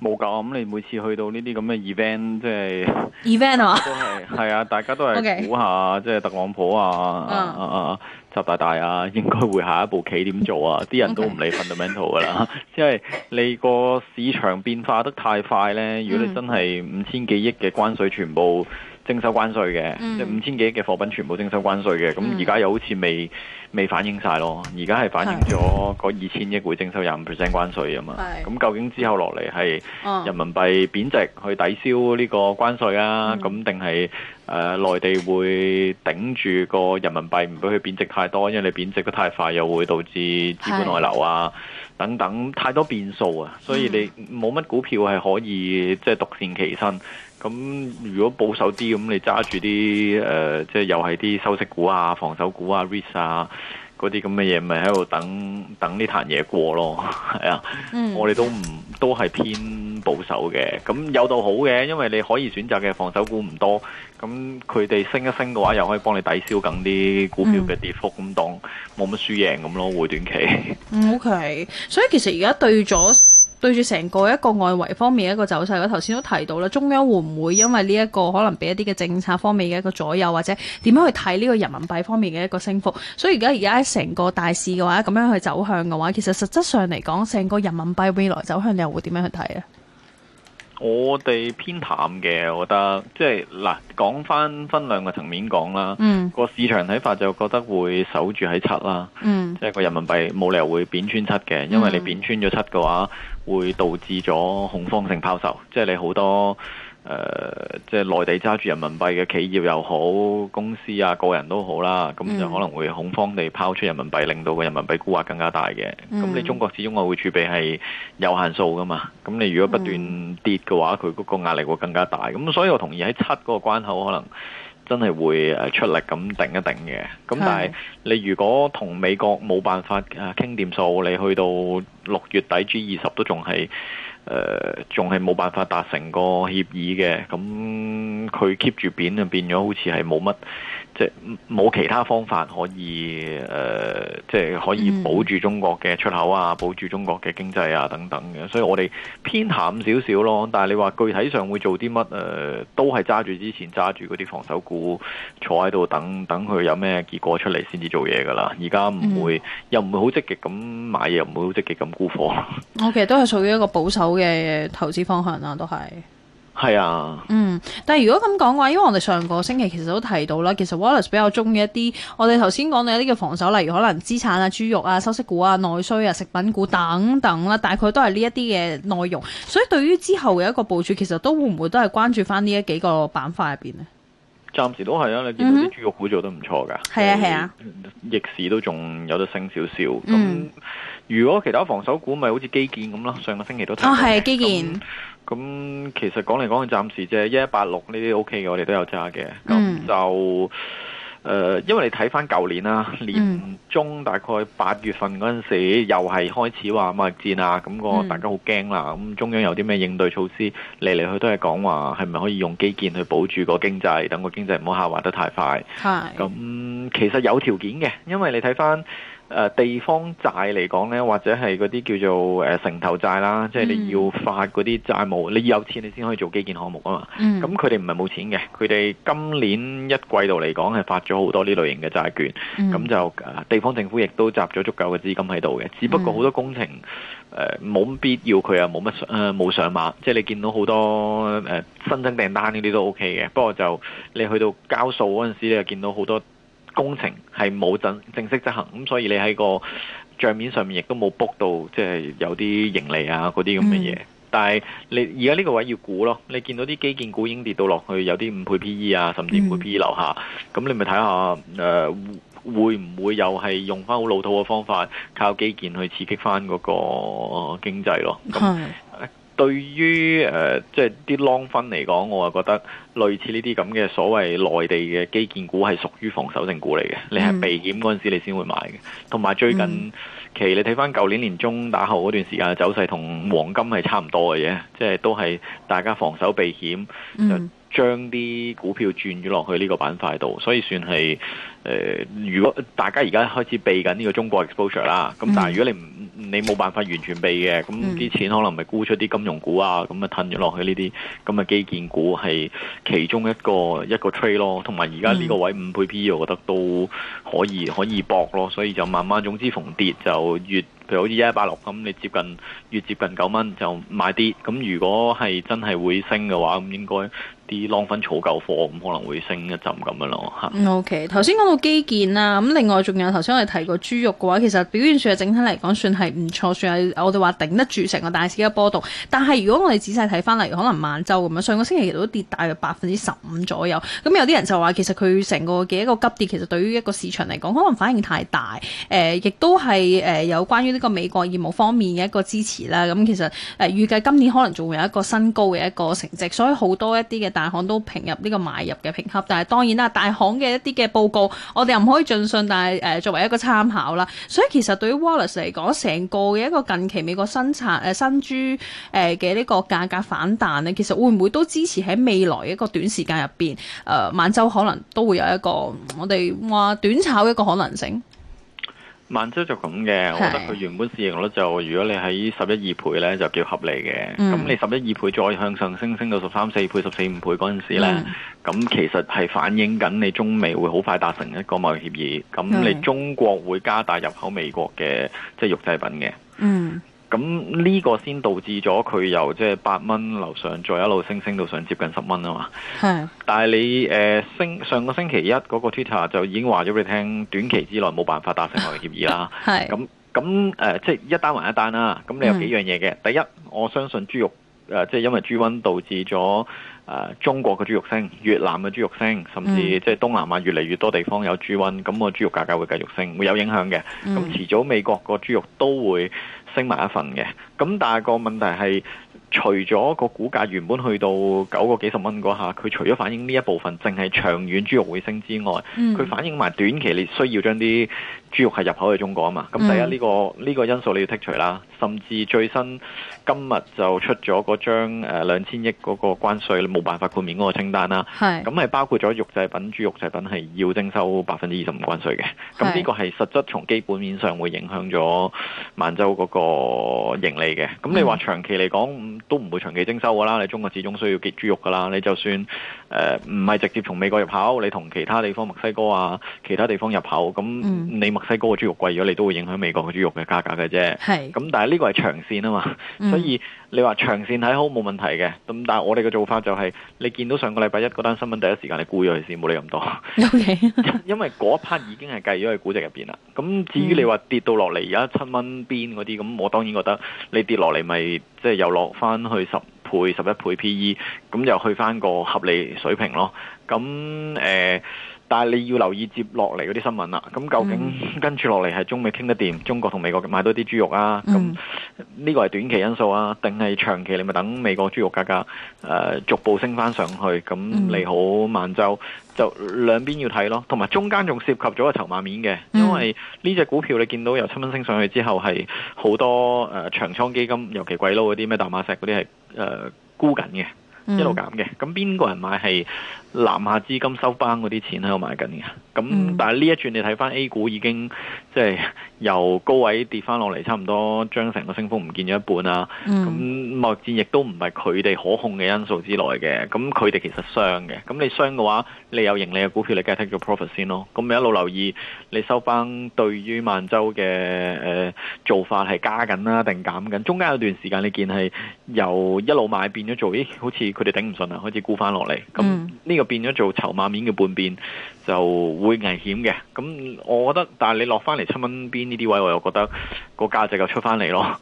冇教咁你每次去到呢啲咁嘅 event，即係 event 啊嘛。 都係係啊，大家都係估下，okay. 即係特朗普啊啊、uh. 啊！啊習大大啊，應該會下一步棋點做啊？啲人都唔理 fundamental 噶啦，即、就、係、是、你個市場變化得太快呢。如果你真係五千幾億嘅關稅全部徵收關稅嘅，即、mm. 五千幾億嘅貨品全部徵收關稅嘅，咁而家又好似未未反映晒咯。而家係反映咗嗰二千億會徵收廿五 percent 關稅啊嘛。咁、mm. 究竟之後落嚟係人民幣貶值去抵消呢個關稅啊？咁定係？誒、呃，內地會頂住個人民幣，唔俾佢貶值太多，因為你貶值得太快，又會導致資本外流啊，等等太多變數啊，嗯、所以你冇乜股票係可以即係、就是、獨善其身。咁如果保守啲，咁你揸住啲誒，即、呃、係、就是、又係啲收息股啊、防守股啊、risk 啊嗰啲咁嘅嘢，咪喺度等等呢壇嘢過咯，係 啊，嗯、我哋都唔都係偏保守嘅。咁有到好嘅，因為你可以選擇嘅防守股唔多。咁佢哋升一升嘅話，又可以幫你抵消緊啲股票嘅跌幅，咁、嗯、當冇乜輸贏咁咯，會短期。O、okay. K，所以其實而家對咗對住成個一個外圍方面一個走勢，我頭先都提到啦，中央會唔會因為呢一個可能俾一啲嘅政策方面嘅一個左右，或者點樣去睇呢個人民幣方面嘅一個升幅？所以而家而家成個大市嘅話，咁樣去走向嘅話，其實實質上嚟講，成個人民幣未來走向，你又會點樣去睇啊？我哋偏淡嘅，我覺得即係嗱，講翻分兩個層面講啦。個、嗯、市場睇法就覺得會守住喺七啦、嗯，即係個人民幣冇理由會貶穿七嘅，因為你貶穿咗七嘅話，會導致咗恐慌性拋售，即係你好多。誒、呃，即係內地揸住人民幣嘅企業又好，公司啊，個人都好啦，咁就可能會恐慌地拋出人民幣，令到個人民幣沽壓更加大嘅。咁、嗯、你中國始終我會儲備係有限數噶嘛，咁你如果不斷跌嘅話，佢、嗯、嗰個壓力會更加大。咁所以我同意喺七個關口可能真係會誒出力咁頂一頂嘅。咁但係你如果同美國冇辦法傾掂數，你去到六月底 G 二十都仲係。誒、呃，仲係冇辦法達成個協議嘅，咁佢 keep 住變就變咗，好似係冇乜。即冇其他方法可以、呃、即可以保住中國嘅出口啊、嗯，保住中國嘅經濟啊等等嘅，所以我哋偏鹹少少咯。但係你話具體上會做啲乜、呃、都係揸住之前揸住嗰啲防守股坐喺度等等，佢有咩結果出嚟先至做嘢㗎啦。而家唔會又唔會好積極咁買嘢，又唔會好積極咁沽貨。我其實都係屬於一個保守嘅投資方向啦，都係。係啊，嗯，但係如果咁講嘅話，因為我哋上個星期其實都提到啦，其實 Wallace 比較中意一啲，我哋頭先講到一啲嘅防守，例如可能資產啊、豬肉啊、收息股啊、內需啊、食品股等等啦，大概都係呢一啲嘅內容。所以對於之後嘅一個部署，其實都會唔會都係關注翻呢一幾個板塊入邊呢？暫時都係啊，你見到啲豬肉股做得唔錯噶，係、mm -hmm. 啊係啊，逆市都仲有得升少少。咁、嗯、如果其他防守股，咪好似基建咁咯？上個星期都睇係、哦啊、基建。咁其實講嚟講去，暫時啫，一一八六呢啲 O K 嘅，我哋都有揸嘅。咁、嗯、就誒、呃，因為你睇翻舊年啦，年中大概八月份嗰陣時、嗯，又係開始話貿戰啊，咁、那個大家好驚啦。咁、嗯、中央有啲咩應對措施？嚟嚟去都係講話，係咪可以用基建去保住個經濟？等個經濟唔好下滑得太快。咁、嗯、其實有條件嘅，因為你睇翻。誒地方債嚟講呢，或者係嗰啲叫做城投債啦，即、嗯、係、就是、你要發嗰啲債務，你要有錢你先可以做基建項目啊嘛。咁佢哋唔係冇錢嘅，佢哋今年一季度嚟講係發咗好多呢類型嘅債券，咁、嗯、就地方政府亦都集咗足夠嘅資金喺度嘅。只不過好多工程冇、嗯呃、必要，佢又冇乜冇上馬，即、就、係、是、你見到好多誒、呃、新增訂單呢啲都 OK 嘅。不過就你去到交數嗰陣時，你又見到好多。工程係冇準正式執行，咁所以你喺個帳面上面亦都冇 book 到，即係有啲盈利啊嗰啲咁嘅嘢。但係你而家呢個位要估咯，你見到啲基建股已經跌到落去，有啲五倍 P E 啊，甚至五倍 P E 樓下，咁、嗯、你咪睇下誒，會唔會又係用翻好老土嘅方法，靠基建去刺激翻嗰個經濟咯？對於誒，即係啲 long 分嚟講，我就覺得類似呢啲咁嘅所謂內地嘅基建股係屬於防守性股嚟嘅，你係避險嗰陣時你先會買嘅。同、mm. 埋最近期、mm. 你睇翻舊年年中打後嗰段時間嘅走勢，同黃金係差唔多嘅啫，即、就、係、是、都係大家防守避險。Mm. 將啲股票轉咗落去呢個板塊度，所以算係誒、呃。如果大家而家開始避緊呢個中國 exposure 啦，咁但係如果你唔你冇辦法完全避嘅，咁啲錢可能咪沽出啲金融股啊，咁咪褪咗落去呢啲咁嘅基建股係其中一個一個 trade 咯。同埋而家呢個位五倍 p eu, 我覺得都可以可以搏咯。所以就慢慢，總之逢跌就越，譬如好似一八六咁，你接近越接近九蚊就買啲。咁如果係真係會升嘅話，咁應該。啲浪粉儲夠貨，咁可能會升一陣咁樣咯 OK。頭先講到基建啦，咁另外仲有頭先我哋提過豬肉嘅話，其實表現上整體嚟講算係唔錯，算係我哋話頂得住成個大市嘅波動。但係如果我哋仔細睇翻，例如可能萬洲咁樣上個星期都跌大約百分之十五左右。咁有啲人就話其實佢成個嘅一個急跌，其實對於一個市場嚟講，可能反應太大。誒、呃，亦都係有關於呢個美國業務方面嘅一個支持啦。咁其實誒預計今年可能仲會有一個新高嘅一個成績。所以好多一啲嘅大行都評入呢個買入嘅評級，但係當然啦，大行嘅一啲嘅報告，我哋又唔可以盡信，但係誒、呃、作為一個參考啦。所以其實對於 Wallace 嚟講，成個嘅一個近期美國生產誒、呃、生豬誒嘅呢個價格反彈咧，其實會唔會都支持喺未來一個短時間入邊誒，萬洲可能都會有一個我哋話短炒嘅一個可能性。萬洲就咁嘅，我覺得佢原本市盈率就如果你喺十一二倍呢，就叫合理嘅。咁、嗯、你十一二倍再向上升，升到十三四倍、十四五倍嗰陣時呢，咁、嗯、其實係反映緊你中美會好快達成一個貿易協議。咁你中國會加大入口美國嘅即係肉製品嘅。嗯。咁呢個先導致咗佢由即係八蚊樓上再一路升升到上接近十蚊啊嘛。但係你誒星、呃、上個星期一嗰個 Twitter 就已經話咗俾你聽，短期之內冇辦法達成合約協議啦。咁咁、呃、即係一單還一單啦、啊。咁你有幾樣嘢嘅、嗯？第一，我相信豬肉、呃、即係因為豬瘟導致咗、呃、中國嘅豬肉升、越南嘅豬肉升，甚至、嗯、即係東南亞越嚟越多地方有豬瘟，咁個豬肉價格會繼續升，會有影響嘅。咁遲早美國個豬肉都會。升埋一份嘅，咁但係個問題係，除咗個股價原本去到九個幾十蚊嗰下，佢除咗反映呢一部分，淨係長遠豬肉會升之外，佢、嗯、反映埋短期你需要將啲豬肉係入口去中國啊嘛。咁第一呢、呢個呢、呢個因素你要剔除啦，甚至最新。今日就出咗嗰張誒兩千億嗰個關稅你冇辦法豁免嗰個清單啦，咁係包括咗肉製品、豬肉製品係要徵收百分之二十五關稅嘅，咁呢個係實質從基本面上會影響咗萬洲嗰個盈利嘅。咁你話長期嚟講、嗯、都唔會長期徵收㗎啦，你中國始終需要結豬肉㗎啦，你就算誒唔係直接從美國入口，你同其他地方墨西哥啊、其他地方入口，咁你墨西哥嘅豬肉貴咗，你都會影響美國嘅豬肉嘅價格嘅啫。係，咁但係呢個係長線啊嘛。嗯 所以你話長線睇好冇問題嘅，咁但係我哋嘅做法就係，你見到上個禮拜一嗰單新聞第一時間你，你沽咗佢先，冇理咁多。Okay. 因為嗰一 part 已經係計咗去估值入邊啦。咁至於你話跌到落嚟而家七蚊邊嗰啲，咁我當然覺得你跌落嚟咪即係又落翻去十倍、十一倍 PE，咁又去翻個合理水平咯。咁誒但係你要留意接落嚟嗰啲新聞啦，咁究竟跟住落嚟係中美傾得掂，中國同美國買多啲豬肉啊？咁、嗯、呢、這個係短期因素啊，定係長期？你咪等美國豬肉價格誒、呃、逐步升翻上去，咁你好慢就，就兩邊要睇咯。同埋中間仲涉及咗個籌碼面嘅，因為呢隻股票你見到由七蚊升上去之後係好多誒、呃、長倉基金，尤其鬼佬嗰啲咩大馬石嗰啲係誒沽緊嘅，一路減嘅。咁邊個人買係？南下資金收班嗰啲錢喺度買緊嘅，咁、嗯、但係呢一轉你睇翻 A 股已經即係、就是、由高位跌翻落嚟，差唔多將成個升幅唔見咗一半啦。咁、嗯、貿戰亦都唔係佢哋可控嘅因素之內嘅，咁佢哋其實蝕嘅。咁你蝕嘅話，你有盈利嘅股票，你梗係 take 個 profit 先咯。咁你一路留意，你收班對於萬洲嘅、呃、做法係加緊啦、啊，定減緊？中間有段時間你見係由一路買變咗做，咦？好似佢哋頂唔順啦，開始沽翻落嚟。咁呢？嗯，這個就變咗做籌碼面嘅半邊。就會危險嘅，咁我覺得，但係你落翻嚟七蚊邊呢啲位，我又覺得個價值又出翻嚟咯。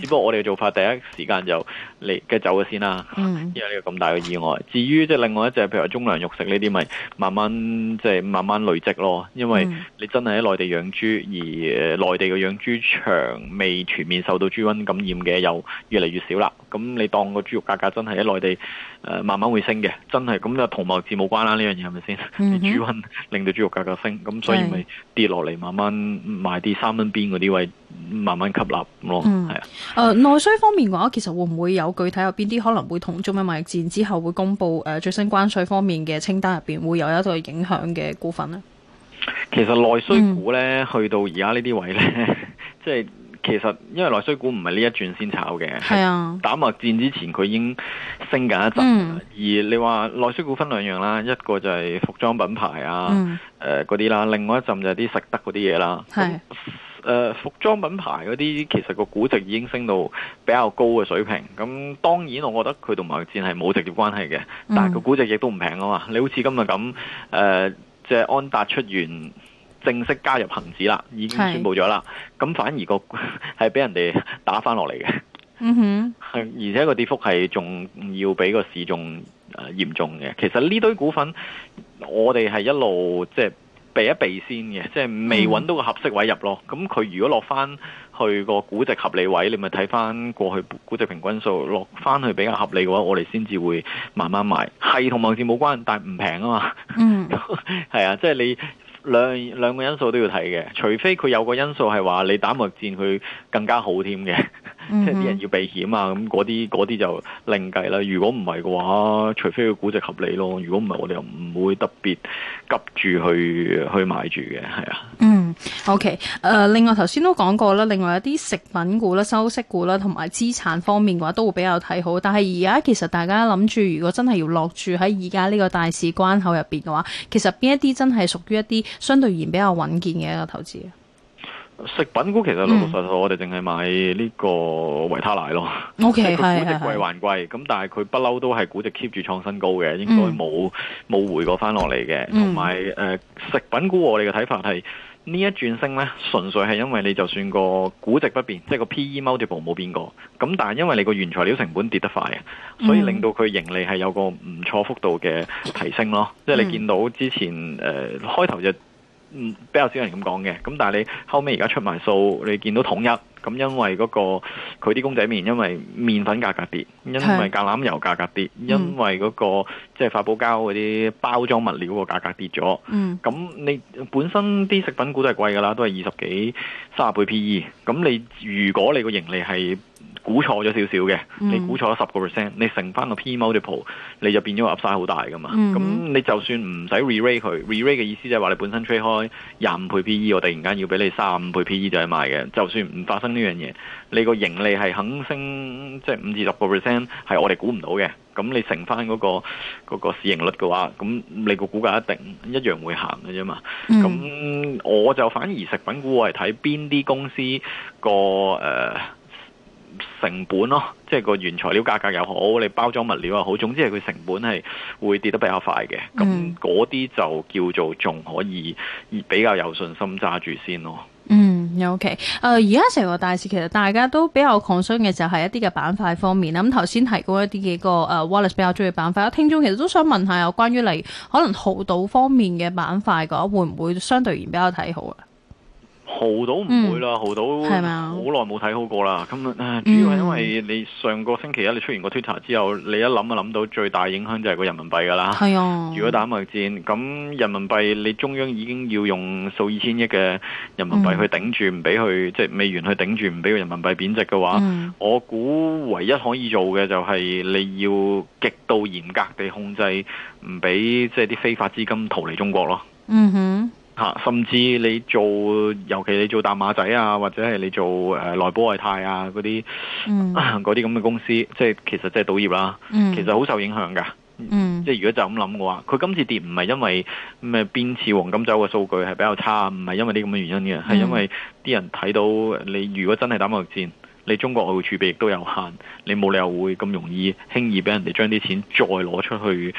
只不過我哋嘅做法，第一時間就你梗係走咗先啦。嗯，因為呢個咁大嘅意外。至於即係另外一隻，譬如話中糧肉食呢啲，咪慢慢即係、就是、慢慢累積咯。因為你真係喺內地養豬，而內地嘅養豬場未全面受到豬瘟感染嘅，又越嚟越少啦。咁你當個豬肉價格真係喺內地誒、呃、慢慢會升嘅，真係咁就同貿易冇關啦。呢樣嘢係咪先？是令到豬肉價格升，咁所以咪跌落嚟，慢慢賣啲三蚊邊嗰啲位，慢慢吸納咯，係、嗯、啊。誒，內、呃、需方面嘅話，其實會唔會有具體有邊啲可能會同中美貿易戰之後會公布誒、呃、最新關稅方面嘅清單入邊會有一個影響嘅股份呢？其實內需股咧、嗯，去到而家呢啲位咧，即係。其實因為內需股唔係呢一轉先炒嘅，係啊係打貿易戰之前佢已經升緊一陣，嗯、而你話內需股分兩樣啦，一個就係服裝品牌啊，嗰、嗯、啲、呃、啦，另外一陣就係啲食得嗰啲嘢啦。係、呃、服裝品牌嗰啲其實個估值已經升到比較高嘅水平，咁當然我覺得佢同貿易戰係冇直接關係嘅、嗯，但係個估值亦都唔平啊嘛。你好似今日咁誒，即係安踏出完。正式加入恆指啦，已經宣布咗啦。咁反而、個係俾人哋打翻落嚟嘅。嗯、哼，而且個跌幅係仲要比個市仲誒嚴重嘅。其實呢堆股份，我哋係一路即係、就是、避一避先嘅，即、就、係、是、未揾到個合適位入咯。咁、嗯、佢如果落翻去個估值合理位，你咪睇翻過去估值平均數落翻去比較合理嘅話，我哋先至會慢慢買。係同恆指冇關，但係唔平啊嘛。嗯，係 啊，即、就、係、是、你。兩兩個因素都要睇嘅，除非佢有個因素係話你打貿易戰，佢更加好添嘅。 即係啲人要避險啊，咁嗰啲嗰啲就另計啦。如果唔係嘅話，除非個估值合理咯。如果唔係，我哋又唔會特別急住去去買住嘅，係啊。嗯，OK，誒、呃，另外頭先都講過啦，另外一啲食品股啦、收息股啦，同埋資產方面嘅話，都會比較睇好。但係而家其實大家諗住，如果真係要落住喺而家呢個大市關口入邊嘅話，其實邊一啲真係屬於一啲相對而言比較穩健嘅一個投資？食品股其實，老老實實、嗯、我哋淨係買呢個維他奶咯。O K，係佢估值貴還貴，咁、嗯、但係佢不嬲都係估值 keep 住創新高嘅，應該冇冇回過翻落嚟嘅。同埋誒，食品股我哋嘅睇法係、嗯、呢一轉升咧，純粹係因為你就算個估值不變，即係個 P E multiple 冇變過，咁但係因為你個原材料成本跌得快啊、嗯，所以令到佢盈利係有個唔錯幅度嘅提升咯。嗯、即係你見到之前誒、呃、開頭就嗯，比較少人咁講嘅，咁但係你後尾而家出埋數，你見到統一，咁因為嗰個佢啲公仔麵，因為麵粉價格跌，因為橄欖油價格跌，因為嗰、嗰個即係發泡膠嗰啲包裝物料個價格跌咗。嗯，咁你本身啲食品股都係貴㗎啦，都係二十幾、三十倍 PE。咁你如果你個盈利係，估錯咗少少嘅，你估錯咗十個 percent，你乘翻個 P multiple，你就變咗 Upside 好大噶嘛。咁、mm -hmm. 你就算唔使 re-rate 佢，re-rate 嘅意思就係話你本身吹開廿五倍 PE，我突然間要俾你三十五倍 PE 就係賣嘅。就算唔發生呢樣嘢，你個盈利係肯升，即係五至十個 percent，係我哋估唔到嘅。咁你乘翻嗰、那個嗰、那個、市盈率嘅話，咁你個股價一定一樣會行嘅啫嘛。咁、mm -hmm. 我就反而食品股我係睇邊啲公司個誒。呃成本咯，即係個原材料價格又好，你包裝物料又好，總之係佢成本係會跌得比較快嘅。咁嗰啲就叫做仲可以比較有信心揸住先咯。嗯，OK。誒、呃，而家成個大市其實大家都比較 concern 嘅就係一啲嘅板塊方面啦。咁頭先提過一啲幾個誒、呃、Wallace 比較中意板塊，聽眾其實都想問一下有關於嚟可能濠賭方面嘅板塊嗰會唔會相對而言比較睇好啊？豪到唔會啦、嗯，豪到好耐冇睇好過啦。咁主要係因為你上個星期一你出完個 Twitter 之後，你一諗就諗到最大影響就係個人民幣㗎啦。係、哦、如果打貿易戰，咁，人民幣你中央已經要用數二千億嘅人民幣去頂住，唔俾佢即係美元去頂住，唔俾個人民幣貶值嘅話，嗯、我估唯一可以做嘅就係你要極度嚴格地控制，唔俾即係啲非法資金逃離中國咯。嗯哼。甚至你做，尤其你做大馬仔啊，或者係你做誒、呃、內保外貸啊嗰啲，嗰啲咁嘅公司，即係其實即係賭業啦。其實好、嗯、受影響㗎、嗯。即係如果就咁諗嘅話，佢今次跌唔係因為咩、嗯、邊次黃金周嘅數據係比較差，唔係因為啲咁嘅原因嘅，係、嗯、因為啲人睇到你如果真係打貿易戰。你中國外匯儲備亦都有限，你冇理由會咁容易輕易俾人哋將啲錢再攞出去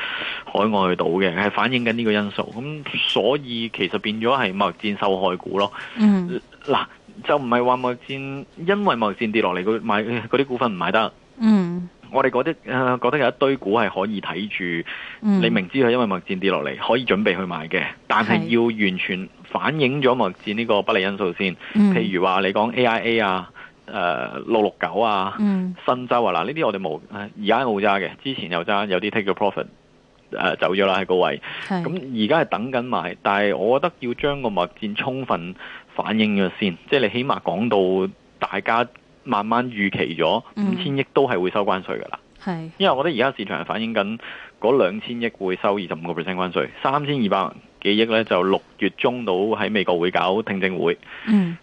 海外去賭嘅，係反映緊呢個因素。咁所以其實變咗係貿易戰受害股咯。嗯、mm.，嗱就唔係話貿易戰，因為貿易戰跌落嚟，佢嗰啲股份唔買得。嗯、mm.，我哋啲誒覺得有一堆股係可以睇住，你明知佢因為貿易戰跌落嚟，可以準備去買嘅，但係要完全反映咗貿易戰呢個不利因素先。譬、mm. 如話你講 AIA 啊。誒六六九啊、嗯，新州啊，嗱呢啲我哋冇，而家冇揸嘅，之前有揸，有啲 take the profit 誒走咗啦喺高位。咁而家係等緊買。但係我覺得要將個物件充分反映咗先，即係你起碼講到大家慢慢預期咗五千億都係會收關稅㗎啦。係，因為我覺得而家市場反映緊嗰兩千億會收二十五個 percent 關稅，三千二百幾億呢，就六月中到喺美國會搞聽證會。嗯。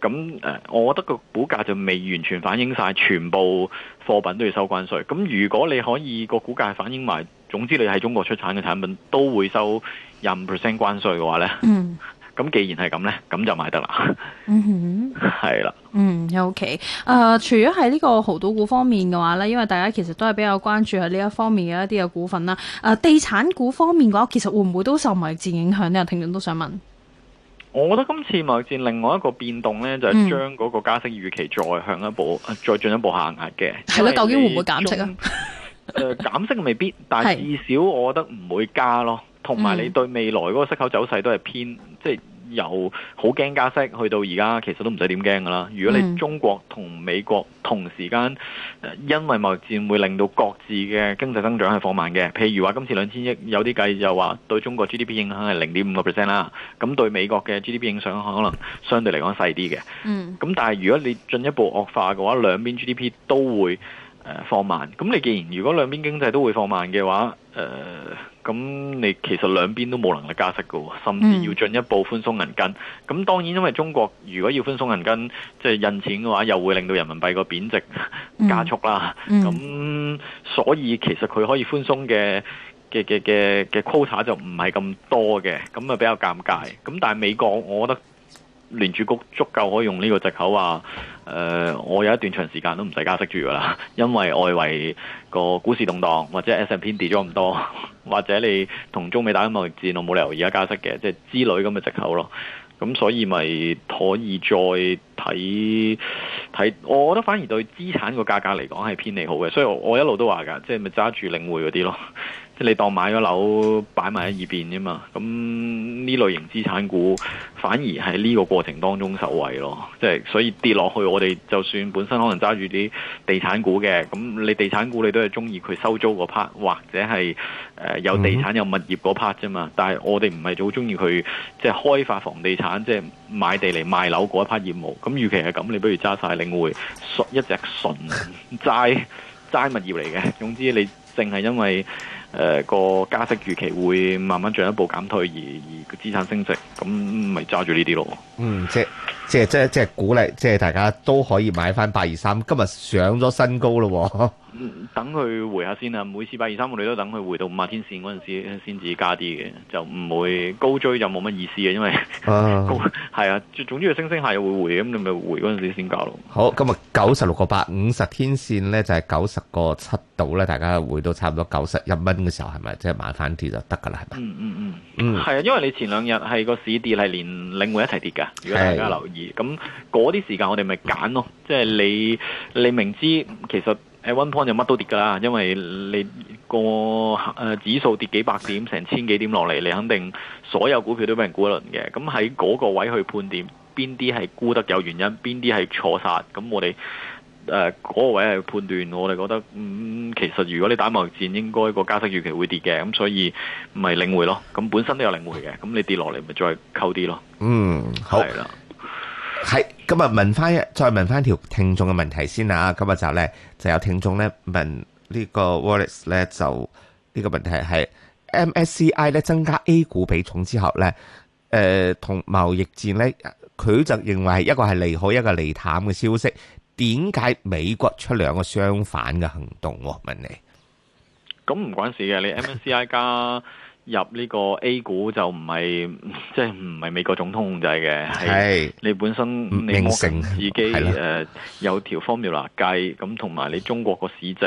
咁誒，我覺得個股價就未完全反映晒，全部貨品都要收關稅。咁如果你可以個股價反映埋，總之你喺中國出產嘅產品都會收廿五 percent 關稅嘅話咧，咁、嗯、既然係咁咧，咁就買得啦。係啦。嗯， 嗯，OK。誒、呃，除咗喺呢個濠賭股方面嘅話咧，因為大家其實都係比較關注喺呢一方面嘅一啲嘅股份啦。誒、呃，地產股方面嘅話，其實會唔會都受貿易戰影響呢？有聽眾都想問。我覺得今次貿易戰另外一個變動呢，就係將嗰個加息預期再向一步，嗯、再進一步下壓嘅。係喇，究竟會唔會減息啊？減、 呃、息未必，但至少我覺得唔會加咯。同埋你對未來嗰個息口走勢都係偏、嗯、即係。由好驚加息，去到而家其實都唔使點驚噶啦。如果你中國同美國同時間，mm. 因為貿易戰會令到各自嘅經濟增長係放慢嘅。譬如話今次兩千億有啲計就話對中國 GDP 影響係零點五個 percent 啦。咁對美國嘅 GDP 影響可能相對嚟講細啲嘅。咁、mm. 但係如果你進一步惡化嘅話，兩邊 GDP 都會、呃、放慢。咁你既然如果兩邊經濟都會放慢嘅話，呃咁你其實兩邊都冇能力加息㗎喎，甚至要進一步寬鬆銀根。咁、mm. 當然因為中國如果要寬鬆銀根，即、就、係、是、印錢嘅話，又會令到人民幣個貶值加速啦。咁、mm. mm. 所以其實佢可以寬鬆嘅嘅嘅嘅嘅 quota 就唔係咁多嘅，咁啊比較尷尬。咁但係美國，我覺得。聯儲局足夠可以用呢個藉口話，誒、呃，我有一段長時間都唔使加息住㗎啦，因為外圍個股市動盪或者 S&P 跌咗咁多，或者你同中美打緊貿易戰，我冇理由而家加息嘅，即、就、係、是、之類咁嘅藉口咯。咁所以咪可以再睇睇，我覺得反而對資產個價格嚟講係偏利好嘅，所以我，我一路都話㗎，即係咪揸住領匯嗰啲咯。你當買咗樓擺埋喺二邊啫嘛，咁呢類型資產股反而係呢個過程當中受惠咯。即係所以跌落去，我哋就算本身可能揸住啲地產股嘅，咁你地產股你都係中意佢收租嗰 part，或者係誒、呃、有地產有物業嗰 part 啫嘛。但係我哋唔係好中意佢即係開發房地產，即係買地嚟賣樓嗰一 part 業務。咁與其係咁，你不如揸晒領匯，純一隻純齋齋物業嚟嘅。總之你淨係因為。誒、呃，個加息預期會慢慢進一步減退而，而而個資產升值，咁咪揸住呢啲咯。嗯，即即即即鼓勵，即係大家都可以買翻八二三，今日上咗新高咯，啊。等佢回下先啦。每次百二三個你都等佢回到五十天線嗰陣時先至加啲嘅，就唔會高追就冇乜意思嘅，因為係啊，總之佢星星係會回咁，你咪回嗰陣時先加咯。好，今日九十六個八五十天線咧，就係九十個七度咧。大家回到差唔多九十一蚊嘅時候，係咪即係買翻跌就得㗎啦？係咪？嗯嗯嗯嗯，係啊，因為你前兩日係個市跌係連領匯一齊跌㗎，如果大家留意咁嗰啲時間，我哋咪揀咯，即係你你明知其實。誒，one point 就乜都跌噶啦，因為你個誒指數跌幾百點，成千幾點落嚟，你肯定所有股票都俾人沽一輪嘅。咁喺嗰個位去判斷邊啲係沽得有原因，邊啲係錯殺。咁我哋誒嗰個位係判斷，我哋覺得嗯，其實如果你打貿易戰，應該個加息預期會跌嘅。咁所以咪領回咯。咁本身都有領回嘅。咁你跌落嚟，咪再溝啲咯。嗯，好。係啦。係，今日問翻一，再問翻條聽眾嘅問題先啊！今日就咧就有聽眾咧問呢個 Wallace 咧就呢個問題係 MSCI 咧增加 A 股比重之後咧，誒同貿易戰咧佢就認為一個係利好，一個是利淡嘅消息，點解美國出兩個相反嘅行動？我問你，咁唔關事嘅，你 MSCI 加。 入呢個 A 股就唔係，即係唔係美國總統控制嘅，係你本身你自己、呃、有條 formula 計，咁同埋你中國個市值，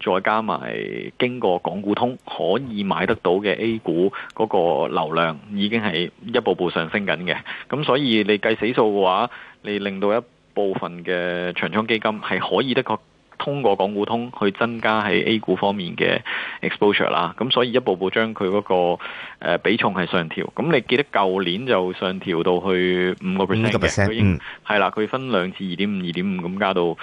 再加埋經過港股通可以買得到嘅 A 股嗰個流量，已經係一步步上升緊嘅。咁所以你計死數嘅話，你令到一部分嘅長倉基金係可以得個。通過港股通去增加喺 A 股方面嘅 exposure 啦，咁所以一步步將佢嗰、嗰個、呃、比重係上調。咁你記得舊年就上調到去五個 percent，五個 percent，嗯，係啦，佢分兩次二點五、二點五咁加到五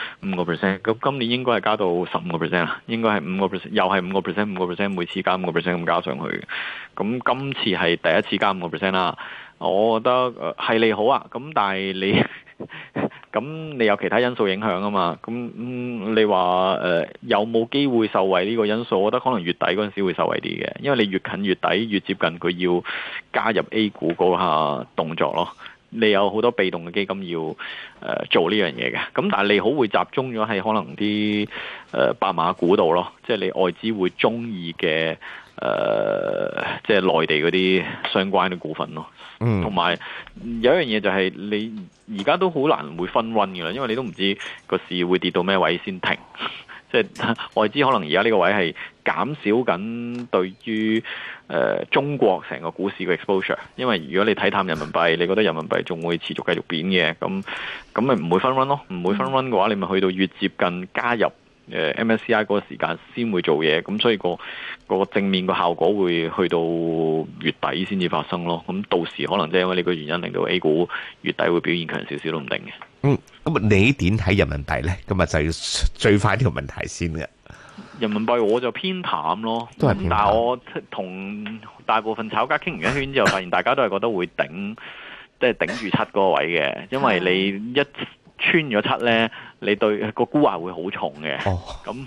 個 percent。咁今年應該係加到十五個 percent 啦，應該係五個 percent，又係五個 percent、五個 percent，每次加五個 percent 咁加上去。咁今次係第一次加五個 percent 啦，我覺得係利好啊。咁但係你。 咁你有其他因素影響啊嘛？咁、嗯、你話、呃、有冇機會受惠呢個因素？我覺得可能月底嗰陣時會受惠啲嘅，因為你越近月底越接近佢要加入 A 股嗰下動作咯。你有好多被動嘅基金要、呃、做呢樣嘢嘅。咁但係你好會集中咗喺可能啲誒、呃、百馬股度咯，即係你外資會中意嘅。誒、呃，即係內地嗰啲相關嘅股份咯，同、嗯、埋有，有一樣嘢就係、是、你而家都好難會分温㗎啦，因為你都唔知個市會跌到咩位先停。即係外資可能而家呢個位係減少緊對於誒、呃、中國成個股市嘅 exposure，因為如果你睇淡人民幣，你覺得人民幣仲會持續繼續貶嘅，咁咁咪唔會分温咯。唔會分温嘅話，你咪去到越接近加入。MSCI 嗰個時間先會做嘢，咁所以個個正面個效果會去到月底先至發生咯。咁到時可能即係因為你個原因，令到 A 股月底會表現強少少都唔定嘅。嗯，咁啊，你點睇人民幣呢？咁啊，就要最快呢個問題先嘅。人民幣我就偏淡咯，都但係我同大部分炒家傾完一圈之後，發現大家都係覺得會頂，即係頂住七嗰個位嘅。因為你一穿咗七呢。你對個孤係會好重嘅，咁、oh。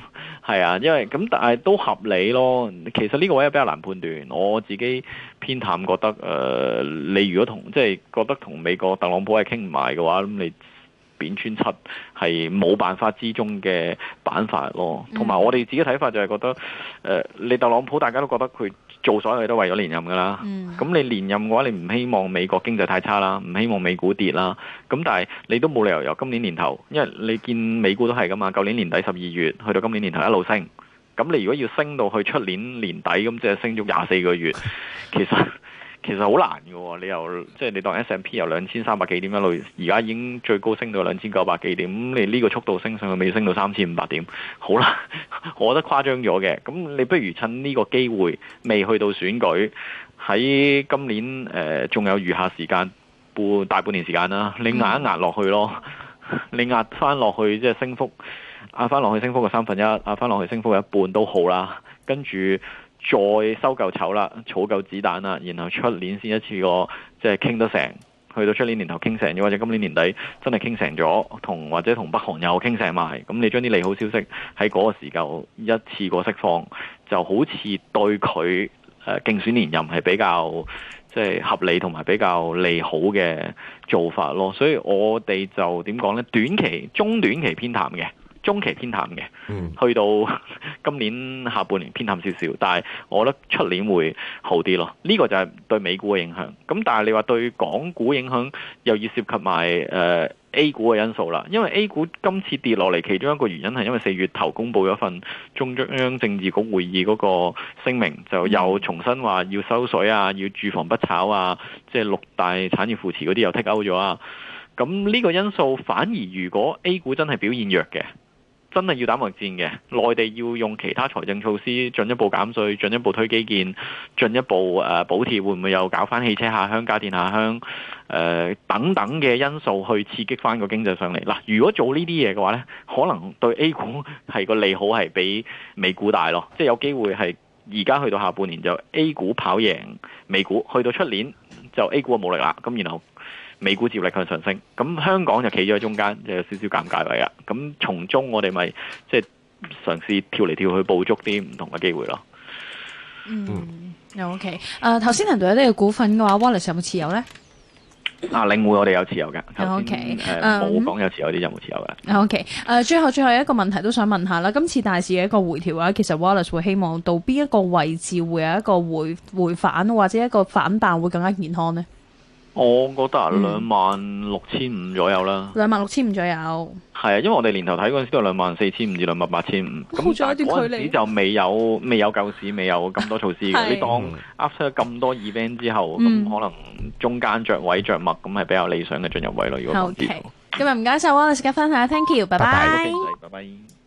係、嗯、啊，因為咁但係都合理咯。其實呢個位比較難判斷，我自己偏淡覺得誒、呃，你如果同即係覺得同美國特朗普係傾唔埋嘅話，咁你扁穿七係冇辦法之中嘅辦法咯。同埋我哋自己睇法就係覺得誒、呃，你特朗普大家都覺得佢。做所有嘢都為咗連任噶啦，咁、嗯、你連任嘅話，你唔希望美國經濟太差啦，唔希望美股跌啦，咁但係你都冇理由由今年年頭，因為你見美股都係噶嘛，舊年年底十二月去到今年年頭一路升，咁你如果要升到去出年年底，咁即係升咗廿四個月，其實。 其實好難喎。你由即係你當 S&P 由兩千三百幾點一路，而家已經最高升到兩千九百幾點，咁你呢個速度升上去，未升到三千五百點，好啦，我覺得誇張咗嘅。咁你不如趁呢個機會，未去到選舉，喺今年仲、呃、有餘下時間半大半年時間啦，你壓一壓落去咯，你壓翻落去即係升幅壓翻落去升幅嘅三分一，壓翻落去升幅嘅一半都好啦，跟住。再收夠籌啦，儲夠子彈啦，然後出年先一次過，即係傾得成，去到出年年頭傾成咗，或者今年年底真係傾成咗，同或者同北韓又傾成埋，咁你將啲利好消息喺嗰個時候就一次過釋放，就好似對佢誒競選連任係比較即係合理同埋比較利好嘅做法咯，所以我哋就點講呢？短期、中短期偏淡嘅。中期偏淡嘅，去到今年下半年偏淡少少，但係我覺得出年會好啲咯。呢個就係對美股嘅影響，咁但係你話對港股影響又要涉及埋誒 A 股嘅因素啦。因為 A 股今次跌落嚟，其中一個原因係因為四月頭公布咗份中央政治局會議嗰個聲明，就又重新話要收水啊，要住房不炒啊，即係六大產業扶持嗰啲又 tick 咗啊。咁呢個因素，反而如果 A 股真係表現弱嘅，真係要打硬仗嘅，內地要用其他財政措施進一步減稅、進一步推基建、進一步誒、呃、補貼，會唔會又搞翻汽車下鄉、家電下鄉誒、呃、等等嘅因素去刺激翻個經濟上嚟？嗱，如果做呢啲嘢嘅話呢，可能對 A 股係個利好係比美股大咯，即係有機會係而家去到下半年就 A 股跑贏美股，去到出年就 A 股冇力啦，咁然後。美股接力向上升，咁香港就企咗喺中間，即係、有少少尷尬位啊。咁從中我哋咪即係嘗試跳嚟跳去捕捉啲唔同嘅機會咯。嗯，又、嗯、OK。誒，頭先提到一啲嘅股份嘅話，Wallace 有冇持有咧？啊，領匯我哋有持有噶。O K。冇、okay. 寶、uh, 有持有啲就冇持有噶。O K。誒，最後最後一個問題都想問一下啦。今次大市嘅一個回調啊，其實 Wallace 會希望到邊一個位置會有一個回回反或者一個反彈會更加健康呢？我覺得兩萬六千五左右啦、嗯嗯。兩萬六千五左右。係啊，因為我哋年頭睇嗰陣時都係兩萬四千五至兩萬八千五。咁但係嗰陣時就未有未有救市，未有咁多措施 你當 after 咁多 event 之後，咁、嗯、可能中間着位着墨咁係比較理想嘅進入位咯。如果咁嘅話。O、okay. 今日唔該晒 Wallace 嘅分享，Thank you，拜拜。